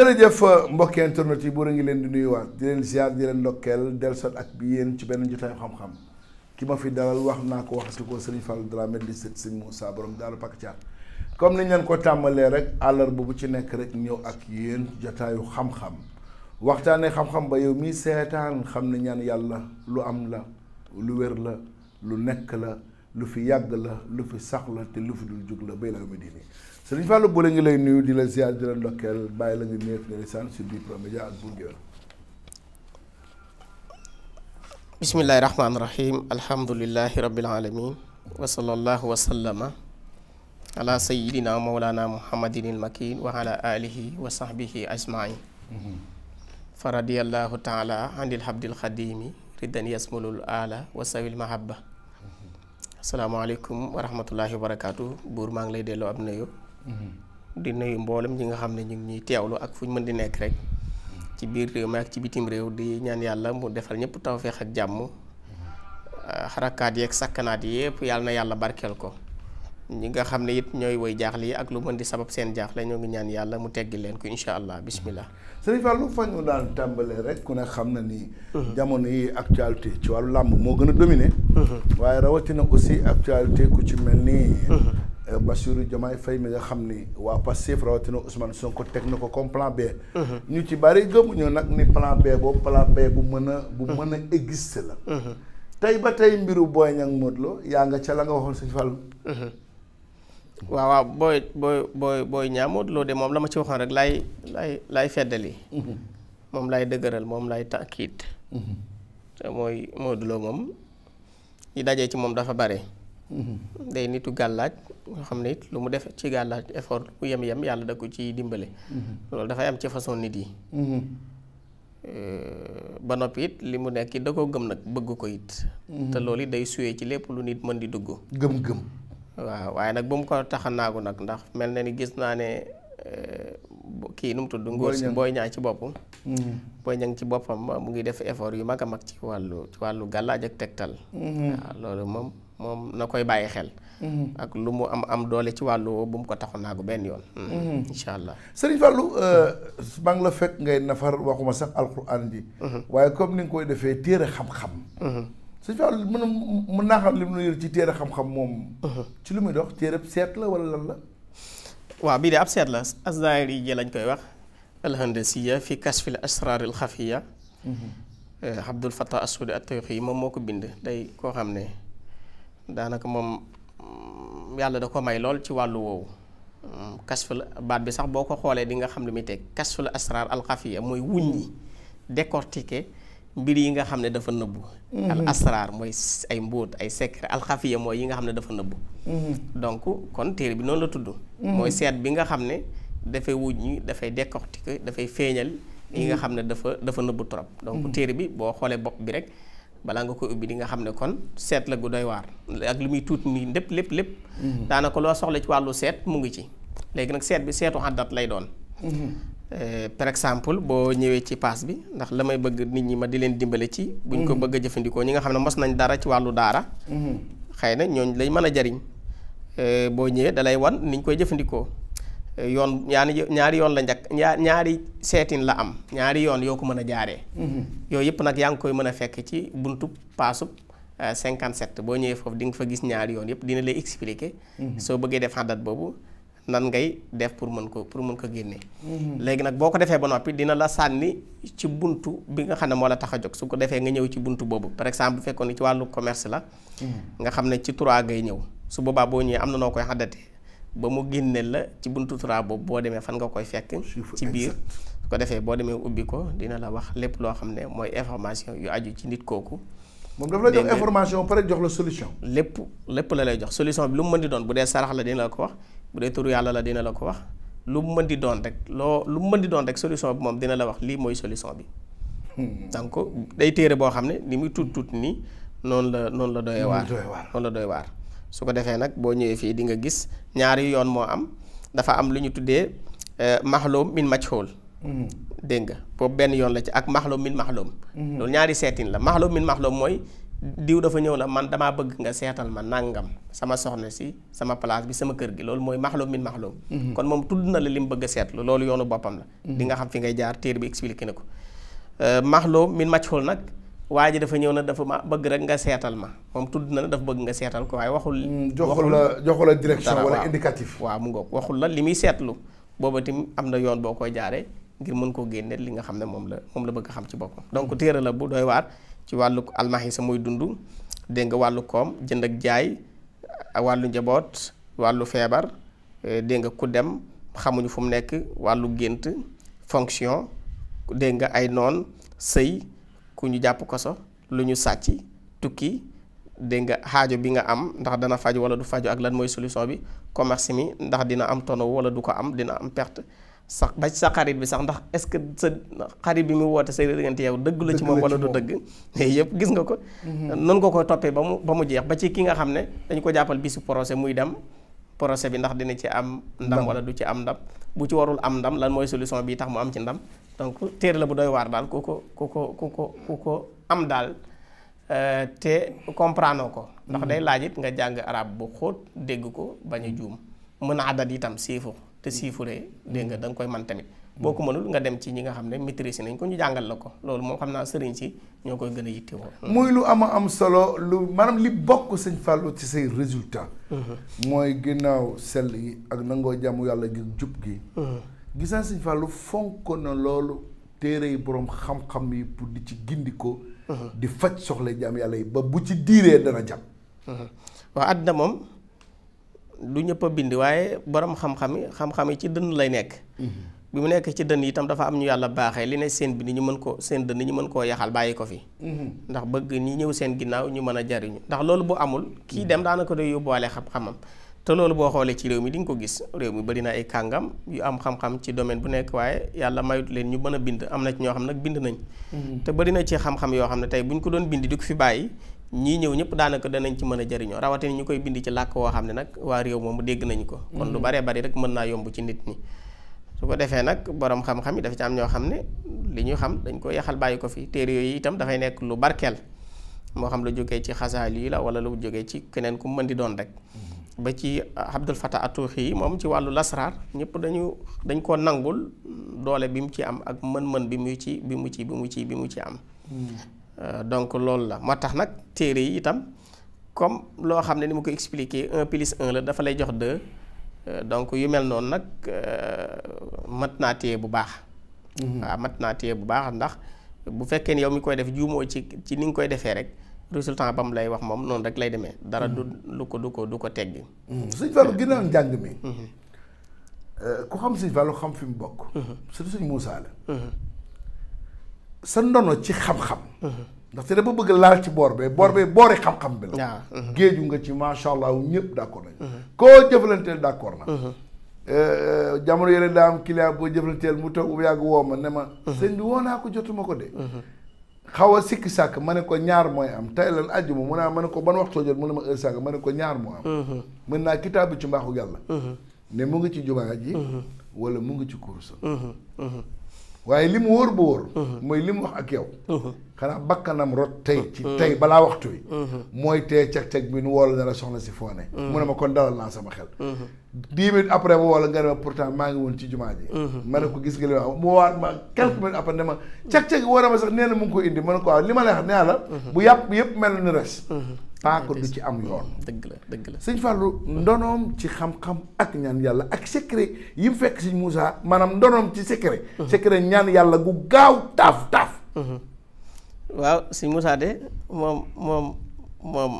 jërëjëf mbokki internet yi buur a ngi leen di nuyuwaat di leen ziar di leen ndokkeel dellusiwaat ak bi yéen ci benn jotaay xam-xam ki ma fi dalal wax naa ko wax si ko Serigne Fallou Dramé di sët Serigne Moussa borom Daaru Pakcaar comme ni ñu leen ko tàmbalee rek àllarba bu ci nekk rek ñëw ak yéen jotaayu xam-xam waxtaanee xam-xam ba yow mii seetaan xam ne ñaan yàlla lu am la lu wér la lu nekk la. lu fi yàgg la lu fi sax la te lu fi dul jóg la bay la amee diini Sëriñ Fallou Bollé ngi lay nuyu di la ziar di la ndokkeel bàyyi la nga néeg nga lisaan sur Bprod Média ak Bour Gueweul bismillahi rahmaani rahim alhamdulillahi rabbil alamin wa sallallahu wa sallama fa radiyallahu taala anil habdil xadimi riddan yasmulul ala wa sawil mahabba asalaamaaleykum wa rahmatullahi wa barakaatu buur maa ngi lay delloo am nuyu mm-hmm. di nuyu mboolem ñi nga xam ne ñu ngi ñuy teewlu ak fu ñu mën di nekk rek mm-hmm. ci biir réew mi ak ci bitim réew di ñaan yàlla mu defal ñëpp tawféex ak jàmm xarakaat mm-hmm. ah, yeeg sakkanaat yépp yàlla na yàlla barkeel ko ñi nga xam ne it ñooy woy jaaxle yi ak lu mën di sabab seen jaaxle ñoo ngi ñaan yàlla mu teggi leen ko incha allah bismillah sëriñ Fallou fa ñu daan tàmbalee rek ku ne xam na ni. Mhm. jamono yi actualité ci wàllu làmb moo gën a dominé. Mhm. waaye rawatina si actualité ku ci mel ni. Mhm. Euh, Bassirou Diomaye Faye mi nga xam ni waa Pastef rawatina Ousmane Sonko teg na ko comme plan B. ñu ci bari gëmuñu nag ni plan B boobu plan B bu mën a bu mën a existe la. tey ba tey mbiru Boy Niang Modou Lo yaa la nga waxoon waaw waaw booy booy booy booy ñaamoot loo de moom la ma ci waxoon rek laay laay laay feddali moom lay dëgëral moom laay tàkkiit te mooy Modou Lo moom ñi dajee ci moom dafa bare day nitu gàllaaj nga xam ne it lu mu def ci gàllaaj effort bu yem yem yàlla da ko ci dimbale loolu dafay am ci façon nit yi ba noppi it li mu nekk da ko gëm nag bëgg ko it te loolu it day suye ci lépp lu nit mën di dugg gëm-gëm waaw waaye nag bu mu ko taxa a naagu nag ndax mel na ni gis naa ne eh, kii nu mu tudd. ngóor si booy ñaa ci boppam. Mm-hmm. booy ña ci boppam mu ngi def effort yu mag a mag ci wàllu ci wàllu gàllaaj ak tegtal. Mm-hmm. waaw loolu moom moom na koy bàyyi xel. Mm-hmm. ak lu mu am am doole ci wàllu bu mu ko taxu naagu benn yoon. incha allah sëriñ Fallou eh, maa ngi la fekk ngay nafar waxuma sax alquran bi waaye comme ni nga koy defee téere xam-xam. sëñ Fall mën mën naa xam li mu yor ci téere xam-xam moom. Uh-huh. ci lu muy dox téere seet la wala lan la. waaw bii de ab seet la lañ koy wax. alhandasiya fi kasfil asraar al xafiya. Uh-huh. Eh, Abdul Fattah yi moom moo ko bind day koo xam ne daanaka moom mm, yàlla da ko may lool ci wàllu woowu. Mm, kasful baat bi sax boo ko xoolee di nga xam lu muy teg kasful asraar al xafiya mooy wuññi décortiquer. mbir yi nga xam ne dafa nëbbu mhm. al asraar mooy ay mbóot ay secret alxafiya mooy yi nga xam ne dafa nëbbu mhm. donc kon téere bi noonu la tudd mhm. mooy seet bi nga xam ne dafay wuññi dafay décortiquer dafay feeñal yi nga xam ne dafa dafa nëbbu trop donc téere bi boo xoolee bopp bi rek balaa nga koy ubbi di nga xam ne kon seet la gu doy waar ak li muy tuut mi lépp lépp lépp daanaka loo soxla ci wàllu seet mu ngi ci léegi nag seet bi seetu àddat lay doon Euh, par exemple boo ñëwee ci paas bi ndax la may bëgg nit ñi ma di leen dimbale ci. buñ ko mhm. bëgg a jëfandikoo ñi nga xam ne mos nañ dara ci wàllu daara. Mhm. xëy na ñooñ lañ mën a jariñ euh, boo ñëwee dalay wan niñ koy jëfandikoo euh, yoon ñaari ñaari yoon la njëkk ñaari seetin la am ñaari yoon yoo ko mën a jaaree. Mhm. yooyu yëpp nag yaa ngi koy mën a fekk ci buntu paasub 57 boo ñëwee foofu di nga fa gis ñaari yoon yëpp dina lay expliquer. soo bëggee def xàddat boobu. nan ngay def pour mën ko pour mën ko génnee. Mhm. léegi nag boo ko defee ba noppi dina la sànni ci buntu bi nga xam ne moo la tax a jóg su ko defee nga ñëw ci buntu boobu par exemple bu fekkoon ne ci wàllu commerce la. Mhm. nga xam ne ci trois ngay ñëw su boobaa boo ñëwee am na noo koy xàddatee ba mu génneel la ci buntu trois boo demee fan nga koy fekk. ci biir ko defee boo demee ubbi ko dina la wax lépp loo xam ne mooy information yu aju ci nit kooku. moom dafa la jox information pare jox la solution. lépp lépp la lay jox solution bi lu mu mën di doon bu dee sarax la dina la ko wax. bu dee turu yàlla la dina la ko wax lu mu di doon rek loo lu mu di doon rek solution bi moom dina la wax lii mooy solution bi. Hmm. donc day téere boo xam ne li muy tuut tuut nii noonu la noonu la doy waar noonu la doy waar. su ko defee nag boo ñëwee fii di nga gis ñaari yoon moo am dafa am lu ñu tuddee euh, maxloom min majhool. Hmm. dégg nga boobu benn yoon la ci ak maxloom min maxloom. Hmm. loolu ñaari seetin la maxloom min maxloom mooy diw dafa ñëw na man damaa bëgg nga seetal ma nàngam sama soxna si sama place bi sama kër gi loolu mooy maxloom min maxloom mhm. kon moom tudd na la li mu bëgg seetlu loolu yoonu boppam la mhm. di nga xam fi ngay jaar téer bi expliqué na ko euh, maxloom min majhul nag waa ji dafa ñëw na dafa ma bëgg rek nga seetal ma moom tudd na la dafa bëgg nga seetal ko waaye waxul li mm, joxul la joxul la direction wala indicatif mu ngoog waxul la li muy seetlu booba tim am na yoon boo koy jaaree ngir mën koo génne li nga xam ne moom la moom la bëgg xam ci boppam donk téere la bu doy waat ci wàllu almaxisa muy dund dégg nga wàllu koom jënd ak jaay wàllu njaboot wàllu feebar eh, dégg nga ku dem xamuñu fu mu nekk wàllu gént fonction dégg nga ay noon sëy ku ñu jàpp koso lu ñu sàcc tukki dégg nga xaajo bi nga am ndax dana faju wala du faju ak lan mooy solution bi commerce mi ndax dina am tono wala du ko am dina am perte sax ba sa xarit bi sax ndax est-ce que sa xarit bi mu woote sa diggante yow dëgg la ci moom wala du dëgg yëpp gis nga ko mhm. noonu nga koy toppee ba mu ba mu jeex ba ci ki nga xam ne dañ ko jàppal su procès muy dem procès bi ndax dina ci am ndam wala du ci am ndam bu ci warul am ndam lan mooy solution bi tax mu am ci ndam donc téere la bu dooy waar daal ku ko ku ko ku ko ku ko am daal euh, te comprendre ko ndax mhm. day laaj it nga jàng arab bu xóot dégg ko bañ a juum mën a adat itam siifu te siifure dégg nga mm. da koy man tamit mm. boo ko mënul nga dem ci ñi nga xam ne maîtrise nañ ko ñu jàngal la ko loolu moom xam naa sëriñ si ñoo koy gën a yittewoo mm. muy lu ama am solo lu maanaam li bokk sañ Fallou ci say résultat mm-hmm. mooy ginnaaw sell yi ak nangoo jàmm yàlla gi jub gi mm-hmm. gis naa sëñ Fallou fonk na loolu téere yi boroom xam-xam yi pour di ci gindi ko mm-hmm. di faj soxla jaam yàlla yi ba bu ci diiree dana jàpp waaw àddina moom du ñëpp a bind waaye borom xam-xam yi xam-xam yi ci dënn lay nekk. Mm-hmm. bi mu nekk ci dënn itam dafa am ñu yàlla baaxee li ne seen bi ni ñu mën ko seen dënn ñu mën koo yaxal bàyyi ko fi. Mm-hmm. ndax bëgg ñi ñëw seen ginnaaw ñu mën a jariñu ndax loolu bu amul. kii dem mm-hmm. daanaka day yóbbuwaale xam-xamam. te loolu boo xoolee ci réew mi di nga ko gis réew mi bari na ay kàngam yu am xam-xam ci domaine bu nekk waaye yàlla mayut leen ñu mën a bind am na ci ñoo xam nag bind nañ. bari na ci xam yoo xam ne tey bu ko doon bind di ko fi bàyyi ñii ñëw ñëpp daanaka danañ ci mën a jariñoo rawatin ñu koy bind ci làkk woo xam ne nag waa réew moomu dégg nañ ko kon lu mm-hmm. baree bari rek mën naa yomb ci nit ñi su ko defee nag borom xam-xam yi dafa ci am ñoo xam ne li ñu xam dañ ko yaxal bàyyi ko fi téere yooyu itam dafay nekk lu barkeel moo xam lu jógee ci xasaal yi la wala lu jógee ci keneen ku mën di doon rek mm-hmm. ba ci Abdul Fattah Atuuxi yi moom ci wàllu lasraar ñëpp dañu dañ koo nangul doole bi mu ci am ak mën-mën bi mu ci bi mu ci mu ci bi mu ci am mm-hmm. Euh, donc loolu la moo tax nag téere yi itam comme loo xam ne ni ma ko expliquer un plus un la dafa lay jox deux euh, donc yu mel noonu nag euh, mat naa bu baax mhm. waaw mat bu baax ndax bu fekkee ne yow mi koy def juumoo ci ci ni nga koy defee rek résultant ba mu lay wax moom noonu rek lay demee dara du lu mhm. ko du ko du ko teggi mhm. suñ Fallou ginnaaw njàng mi ku xam suñ Fallou xam fi mu bokk suñ Moussa la sa ndono ci xam-xam. Mhm. ndaxte dafa bëgg laal ci boor bee boor bee mhm. boori xam-xam bi la. Ah, mhm. géeju nga ci macha allah ñëpp d' accord nañu. koo jëflanteel d' accord na. Eh, eh, jamono yële daa am client boo jëflanteel mu toog yàgg woo ma ne ma. sëñ bi woo naa ko jotuma ko de. xaw a sikki sàkk ma ne ko ñaar mooy am tey lan àjjuma mu naa ma ne ko ban waxtoo jot mu ne ma heure sàkk ma ne ko ñaar moo am. mën naa kitaab ci mbaaxu yàlla. ne mu ngi ci jumaa ji. wala mu ngi ci waaye li mu wóor bu wóor. mooy li mu wax ak yow. xanaa bakkanam rot tey ci tey balaa waxtu wi. mooy tee cag-cag bi nu woo la ne la soxna si foo ne. mu ne ma kon dalal naa sama xel. dix minutes après mu woo la nga ma pourtant maa ngi woon ci jumaa ji. ma ne ko gis nga li ma wax mu woowaat ma quelques ne ma cag-cag ma sax nee na mu ngi koy indi ma ne ko li ma lay wax la. bu yàpp yëpp mel ni res. paaka du ci am yoon. dëgg la dëgg la sëñ Fallou ndonoom ci xam-xam ak ñaan yàlla ak secret yi mu fekk sëñ Moussa maanaam ndonoom ci secret. Mhm. secret ñaan yàlla gu gaaw taaf taaf. Mhm. waaw sëñ Moussa de moom moom moom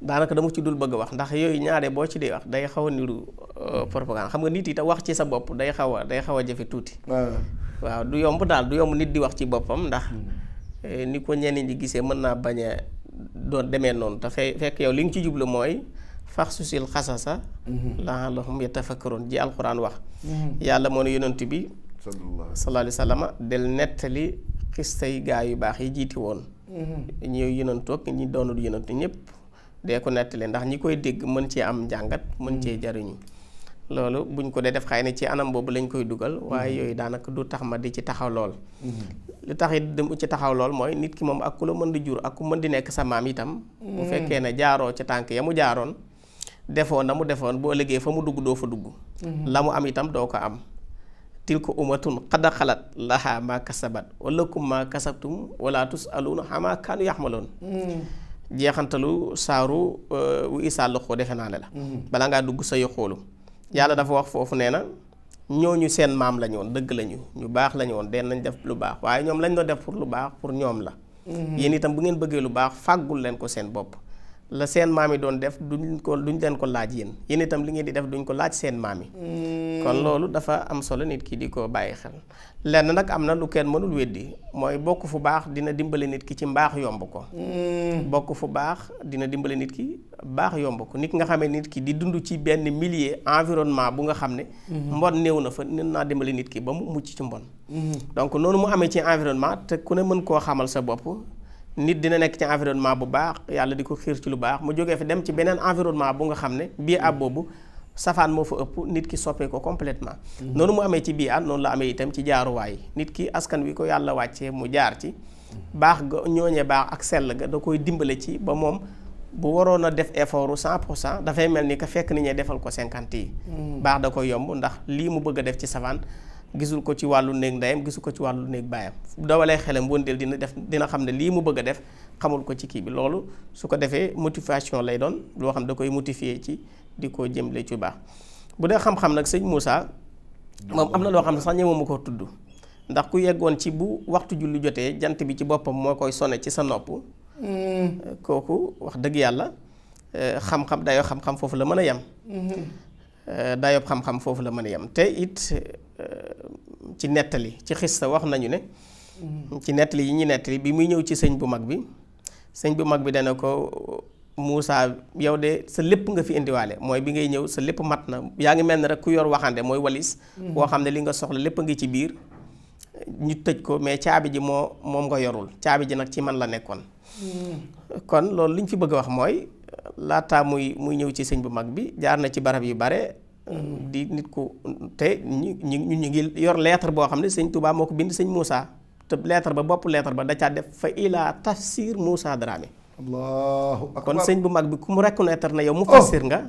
daanaka dama ci dul bëgg wax ndax yooyu ñaare boo ci dee wax day xaw a niru euh, propagande xam nga nit yi te wax ci sa bopp day xaw a day xaw a jafe tuuti. waaw du yomb daal du yomb nit di wax ci boppam ndax. Mhm. Eh, ni ko ñenn gisee mën naa bañ doon demee noonu te fekk yow li nga ci jublu mooy fax susil xasasa mhm. la'allahum yatafakkaroon ji alxuraan wax mhm. yàlla moo ne yonent bi sallallahu alayhi wa sallam del nettali xistay gaa yu baax yi jiiti woon mhm. ñëw yonentoog ñi doonul yonent ñëpp de ko nettali ndax ñi koy dégg mën cee am njàngat mën cee jariñu loolu bu buñ ko dee def xay na ci anam boobu lañ koy dugal mhm. waaye yooyu daanaka du tax ma di ci taxaw lool mhm. lu tax it dem ci taxaw lool mooy nit ki moom ak ku la mën di jur ak ku mën di nekk sa maam itam mhm. bu fekkee ne jaaroo ca tànk ya mu jaaroon defoon na mu defoon boo liggéey fa mu dugg doo fa dugg la mu am itam doo ko am tilka umatun qad xalat laha ma kasabat wa lakum ma kasabtum wala tusaluuna xamaa kaanu jeexantalu saaru euh, wu isaa loxoo defe naa ne la balaa ngaa dugg sa yoxoolu yàlla dafa wax foofu nee na ñu seen maam la ñu woon dëgg la ñu ñu baax la ñu woon den nañ def lu baax waaye ñoom lañu doon def pour lu baax pour ñoom la. Mm-hmm. yéen itam bu ngeen bëggee lu baax fàggul leen ko seen bopp. la seen maam yi doon def duñ ko duñ leen ko laaj yéen yéen li ngeen di def duñ ko laaj seen maam yi. Mm. kon loolu dafa am solo nit ki di ko bàyyi xel. lenn nag am na lu kenn mënul weddi mooy bokk fu baax dina dimbale nit ki ci mbaax yomb ko. Mm. bokk fu baax dina dimbale nit ki. baax yomb ko nit nga xam nit ki di dund ci benn millier environnement bu nga xam ne. Mhm. mbon néew na fa nit naa dimbali nit ki ba mu mucc ci mbon. Mhm. donc noonu mu amee ci environnement te ku ne mën koo xamal sa bopp. nit dina nekk ci environnement bu baax yàlla di ko xiir ci lu baax mu jógee fi dem ci beneen environnement bu nga xam ne bii boobu safaan moo fa ëpp nit ki soppee ko complètement mhm. noonu mu amee ci bii an noonu la amee itam ci jaaruwaay nit ki askan wi ko yàlla wàccee mu jaar ci baax go ñooñee baax ak sell ga da koy dimbale ci ba moom bu waroon a def effort cent pour cent dafay mel ni que fekk ni ñuy defal ko cinquante yi. Hmm. baax da koy yomb ndax lii mu bëgg a def ci savane gisul ko ci wàllu néeg ndeyam gisul ko ci wàllu néeg baayam dawalee xelam wëndeel dina def dina xam ne lii mu bëgg a def xamul ko ci kii bi loolu su ko defee motivation lay doon loo xam da koy motiver ci di ko jëmle ci baax bu dee xam-xam nag sëñ Moussa. moom am na loo xam ne sax ñemewuma ko tudd. ndax ku yeggoon ci bu waxtu julli jotee jant bi ci boppam moo koy sone ci sa nopp Euh, kooku wax dëgg yàlla euh, xam-xam dayoo xam-xam foofu la mën a yem. Euh, dayoo xam-xam foofu la mën a yem te it ci nettali ci sa wax nañu ne. ci nettali yi ñu nettali bi muy ñëw ci sëñ bu mag bi sëñ bu mag bi dana ko Moussa yow de sa lépp nga fi indiwaale mooy bi ngay ñëw sa lépp mat na yaa ngi mel ne rek ku yor waxande mooy walis. boo mm-hmm. xam ne li nga soxla lépp a ngi ci biir. ñu tëj ko mais caabi ji moo moom nga yorul caabi ji nag ci man la nekkoon. kon loolu li ñu fi bëgg a wax mooy laataa muy muy ñëw ci sëñ bu mag bi jaar na ci barab yu bare. di nit ku te ñu ñu ñu ngi yor lettre boo xam ne sëñ Touba moo ko bind sëñ Moussa te lettre ba bopp lettre ba da caa def fa ilaa tafsir Moussa Dramé. allahu akbar kon sëñ bu mag bi ku mu reconnaître na yow oh! mu fassir nga.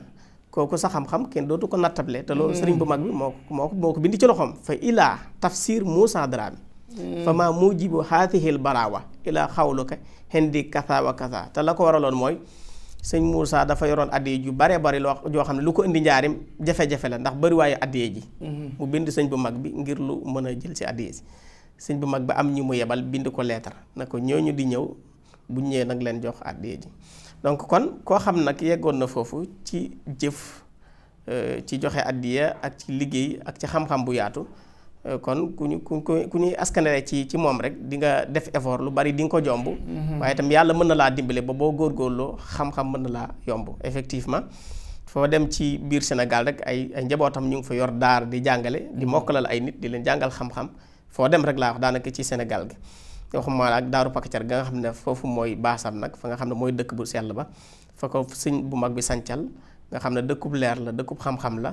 kooku sa xam-xam kenn dootu ko nattable te loolu mm. sëriñ bu mag bi moo ko moo ko ko bind ci loxoom fa ilaa tafsir dara Dramé mm. fa maa mujibu haatihil barawa ilaa xawluka hendi kasa wa kasa te la ko waraloon mooy sëñ Moussa dafa yoroon addiye ju bare bari loo joo xam ne lu ko indi njaarim jafe-jafe la ndax bari waayu addiye ji mm-hmm. mu bind sëñ bu mag bi ngir lu mën a jël si addiye sëñ bu mag bi am ñi mu yebal bind ko leetar na ko ñooñu di ñëw bu ñëwee nag leen jox addiye ji donc kon koo xam nag yeggoon na foofu ci jëf euh, ci joxe addiya ak ci liggéey ak ci xam-xam bu yaatu euh, kon ku ñu ku ku ñuy askanere ci ci moom rek di nga def effort lu bari di nga ko jomb mm-hmm. waaye itam yàlla mën na laa dimbale ba boo góorgóorloo xam-xam mën na laa yomb effectivement foo dem ci biir Sénégal rek ay ay njabootam ñu ngi fa yor daar di jàngale di mm-hmm. mokkalal ay nit di leen jàngal xam-xam foo dem rek laa wax daanaka ci Sénégal gi waxuma la ak daaru pakkacar ga nga xam ne foofu mooy baasam nag fa nga xam ne mooy dëkk bu sell ba fa ko sëñ bu mag bi sancal nga xam ne dëkkub leer la dëkkub xam-xam la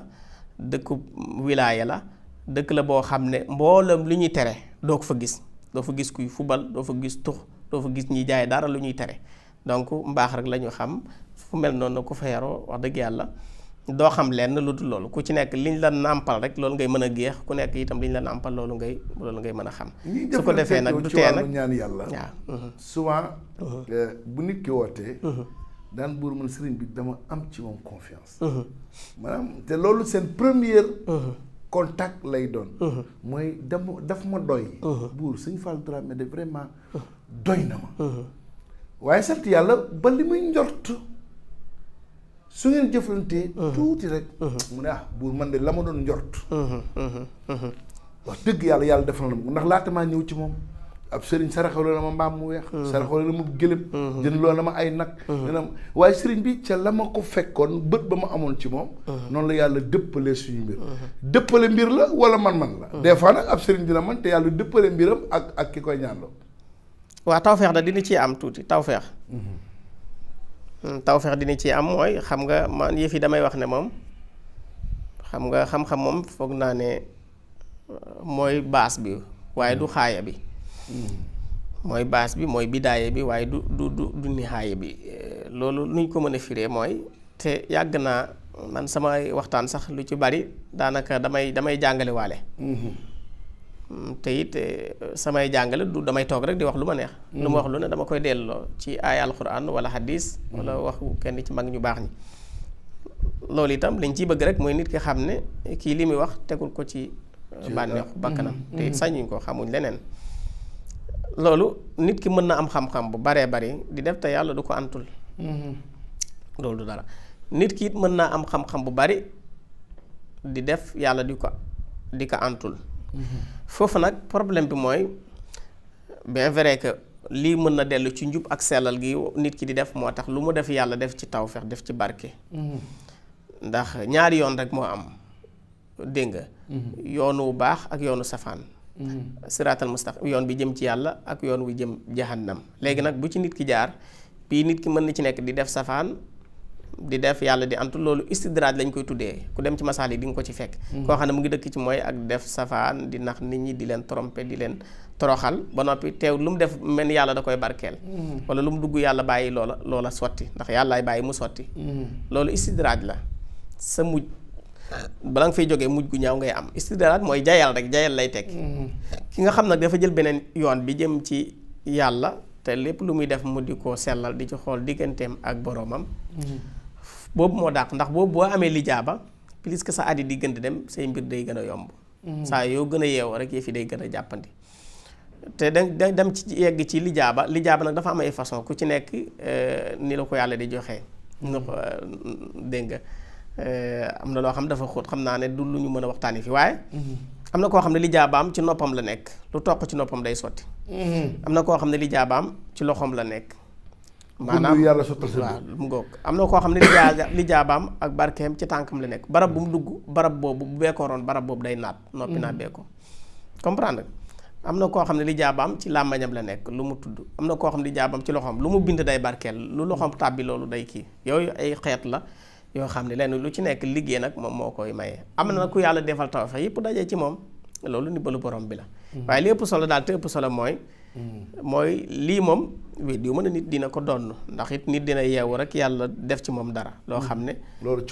dëkkub wilaaye la dëkk la boo xam ne mboolam lu ñuy tere doo ko fa gis doo fa gis kuy fubal doo fa gis tux doo fa gis ñuy jaay dara lu ñuy tere donc mbaax rek lañu ñu xam fu mel noonu ko fa yaroo wax dëgg yàlla doo xam lenn lu dul loolu ku ci nekk liñ la nàmpal rek loolu ngay mën a géex ku nekk itam liñ la nàmpal loolu ngay loolu ngay mën a xam. su ko defee nag du tee nag mhm. Mhm. Euh, bu nit ki wootee. Mhm. daan buur man sëriñ bi dama am ci moom confiance. maanaam te loolu seen première. contact lay doon. mooy dama daf de ma. waaye sant yàlla ba li muy njort. su ngeen jëflantee. Uh-huh. tuuti rek. Uh-huh. mu ne ah buur man de la ma doon njort. Uh-huh. wax dëgg yàlla yàlla defal na ma ndax laata maa ñëw ci moom. ab sëriñ saraxaloo na ma mbaam mu weex. saraxaloo na ma gëlëm. jëndloo na ma ay nag. waaye sëriñ bi ca la ma ko fekkoon bët ba ma amoon ci moom. noonu la yàlla dëppale suñu mbir. dëppale mbir la wala man-man la. des fois nag ab sëriñ dina man te yàlla dëppale mbiram ak ak ki koy ñaanloo. waa tawfeex da dina ciy am tuuti tawfeex. Mm-hmm. Hmm, tawfeex dina ci am mooy xam nga man yëf yi damay wax ne moom xam nga xam-xam moom foog naa ne euh, mooy baas bi waaye du hmm. xaaya bi hmm. mooy baas bi mooy bidaaye bi waaye du du du du nihaaya bi euh, loolu luñ ko mën a firee mooy te yàgg naa man samay waxtaan sax lu ci bari daanaka damay damay jàngale te it eh, samay jàngale du damay toog rek di wax lu ma neex. Mm. lu ma wax lu ne dama koy delloo ci aaya alxuraan wala hadis. wala mm. waxu kenn ci mag ñu baax ñi. loolu itam liñ ciy bëgg rek mooy nit ki xam ne kii li muy wax tegul ko ci eh, bànneexu bakkanam mm. te it sañuñ ko xamuñ leneen. loolu nit ki mën na am xam-xam bu baree bari di def te yàlla du ko antul. Mm-hmm. loolu du dara nit ki mën naa am xam-xam bu bari di def yàlla di ko di ko antul. foofu nag problème bi mooy bien vrai que lii mën na dellu ci njub ak sellal gi nit ki di def moo tax lu mu def yàlla def ci tawfeex def ci barke. Mm-hmm. ndax ñaari yoon rek moo am dégg nga. Mm-hmm. yoon wu baax ak yoonu safaan. Mm-hmm. siraatal mustaqim yoon bi jëm ci yàlla ak yoon wu jëm jahannam léegi nag bu ci nit ki jaar bii nit ki mën na ci nekk di def safaan. di def yàlla di antu loolu istidraaj lañ koy tuddee ku dem ci masaal yi di nga ko ci fekk hmm. koo xam ne mu ngi dëkk ci mooy ak def safaan di nax nit ñi di leen tromper di leen toroxal ba noppi teew lu mu def mel yàlla da koy barkeel hmm. wala lu mu dugg yàlla bàyyi loola loola sotti ndax yàllaay bàyyi mu sotti hmm. loolu istidraaj la sa mujj bala nga fay jógee mujj gu ñaaw ngay am istidraaj mooy jayal rek jayal lay tekki nga xam nag dafa jël beneen yoon bi jëm ci yàlla te lépp lu muy def mu di ko sellal di ci xool digganteem ak boroomam boobu moo dàq ndax boobu boo amee lijaaba plus que sa at yi di gën di dem say mbir day gën a yomb. Mm-hmm. saa yoo gën a yeewoo rek yëf day gën a jàppandi. te da dem ci yegg ci lijaaba lijaaba nag dafa am ay façon ku ci nekk euh, ni la ko yàlla di joxe. Mm-hmm. nu ko euh, dégg nga euh, am na loo xam dafa xóot xam naa ne du lu ñu mën a waxtaanee fi waaye. Mm-hmm. am na koo xam ne lijaabaam ci noppam la nekk lu toq ci noppam day sotti. am na koo xam ne lijaabaam ci loxoom la nekk maanaam yàlla sottal sa waaw mu am na koo xam ne li jaabaam ak barkeem ci tànkam la nekk barab bu mu dugg barab boobu bu beekooroon barab boobu day naat noppi naa mm-hmm. beeko comprendre am na koo xam ne li jaabaam ci làmmañam la nekk lu mu tudd am na koo xam ne li jaabaam ci loxoom lu mu bind day barkeel lu loxoom tàbbi loolu day kii yooyu ay xeet la yoo xam ne lenn lu ci nekk liggéey nag moom moo koy maye am na ku yàlla defal tawfeex yëpp dajee ci moom loolu ndimbalu borom bi la mm-hmm. waaye mooy mm-hmm. mooy moom weddi mën a nit dina ko donn ndax it nit dina yeewu rek yàlla def ci moom dara loo xam ne loolu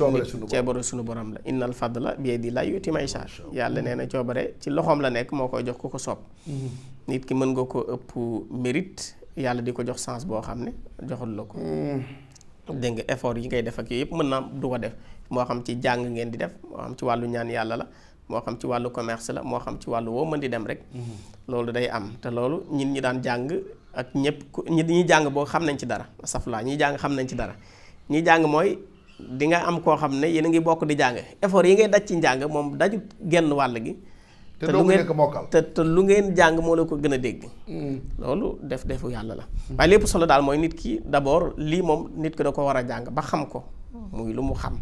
coobare sunu borom la innal fadla di yadi la yuti may saa yàlla nee na coobare ci loxoom la nekk moo koy jox ku ko soob mm-hmm. nit ki mën nga ko ëpp mérite yàlla di ko jox sens boo xam ne joxul la ko mm-hmm. dégg nga effort yi ngay def ak yooyu mën naa du ko def moo xam ci jàng ngeen di def moo xam ci wàllu ñaan yàlla la moo xam ci wàllu commerce la moo xam ci wàllu woo mën di dem ak ñëpp ñi ñi jàng boo xam nañ ci dara safla ñi jàng xam nañ ci dara ñi jàng mooy di nga am koo xam ne yéen a ngi bokk di jàng effort yi ngay daj ci njàng moom daju genn wàll gi. te lu ngeen te lu ngeen jàng moo la ko gën a dégg. Mm. loolu def defu yàlla la. waaye lépp solo daal mooy nit ki d'abord lii moom nit ki da ko war a jàng ba xam ko muy lu mu xam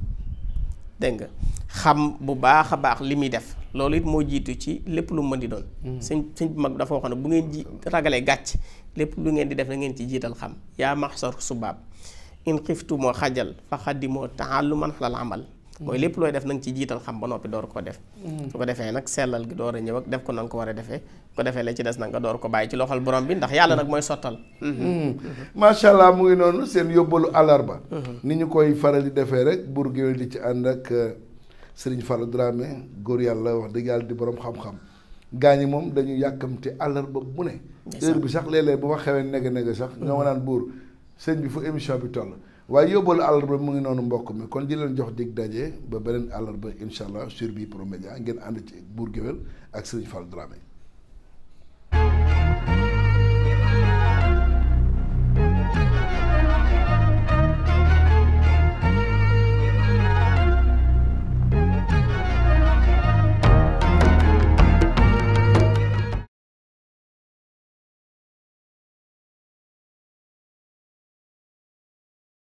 dégg nga xam bu baax a baax li muy def loolu it moo jiitu ci lépp lu mu mën di doon. Mm. sëñ sëñ mag dafa wax ne bu ngeen ji ragalee gàcc lépp lu ngeen di def na ngeen ci jiital xam yaa maxsar subaab in xiftu moo xajal fa lu man xalal amal mooy lépp looy def na nga ci jiital xam ba noppi door koo def mm. su ko defee nag sellal gi door a ñëw ak def ko na ko war a defee ko defee la ci des nag nga door ko bàyyi ci loxol borom bi ndax yàlla nag mooy sottal mm-hmm. mm-hmm. mm-hmm. macha allah mu ngi noonu seen yóbbalu ba ni ñu koy faral di defee rek buur géwél di ci ànd ak uh, sëriñ Fallou Dramé góor yàlla wax dëgg yàlla di borom xam gaa ñi moom dañu yàkkamti àllarba bu ne. heure bi sax léeg-léeg bu ma xewee neg nege sax. Mm. ñoo ma naan buur sëñ bi fu émission bi toll. waaye yóbbalu àllarba mu ngi noonu mbokk mi kon di leen jox dig daje ba beneen àllarba incha allah sur Bprod Média ngeen ànd ci buur géwél ak sëñ Fall Dramé.